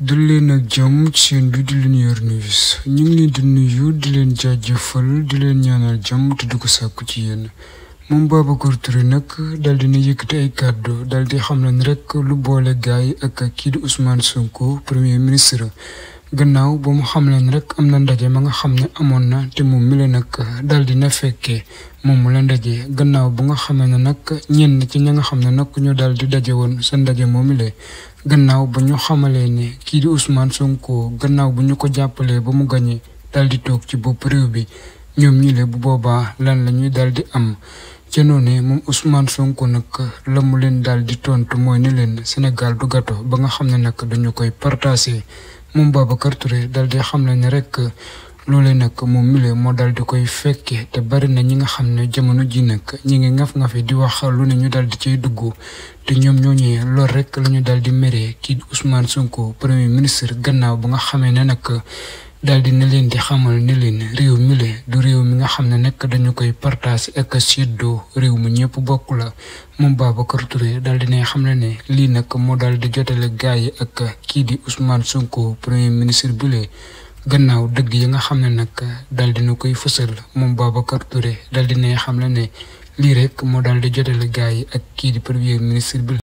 du leen ak jàmm seen bi di leen yor news ñu ngi leen di di leen jaajëfal di leen ñaanal jàmm te du ko sàkku ci yéen moom Babacar Touré nag dal dina yëkkati ay kàddu dal di xam leen rekk lu boole gaay ak kii di usmaan Sonko premier ministre gannaaw ba mu xam leen rek am na ndaje ma nga xam ne amoon na te moom mi leen nag daal di na fekkee moom mu la ndaje gannaaw bu nga xamee ne nag ñenn ci ña nga xam ne nag ñu daal di daje woon sa ndaje moom moomu la gannaaw ba ñu xamalee ne kii di Ousmane Sonko gannaaw bu ñu ko jàppalee ba mu gañee daal di toog ci bopp bi ñoom ñi bu boobaa lan la ñuy daal di am. ca noonu moom Ousmane Sonko nag la mu leen daal di tontu mooy ni leen Sénégal du gato ba nga xam ne nag dañu koy partagé. moom Babacar Touré dal di xam ne ni rek loolee nag moom mile moo dal di koy fekkee te bari na ñi nga xam ne jamono ji nag ñi ngi ngaf ngafi di wax lu ne ñu dal di cay dugg te ñoom ñooñee lool rek la ñu dal di meree kii Ousmane Sonko premier ministre gannaaw bu nga xamee ne nag dal di ne leen di xamal ne leen réew mile du réew xam ne nag dañu koy partage ak séddoo réew mi ñëpp bokk la moom Babacar Touré daal di ne xam ne ne lii nag moo daal di jotale gars yi ak kii di Ousmane Sonko premier ministre bile gannaaw dëgg yi nga xam ne nag daal di nu koy fësal moom Babacar Touré daal di ne xam ne ne lii rek moo daal di jotale gars yi ak kii di premier ministre bile.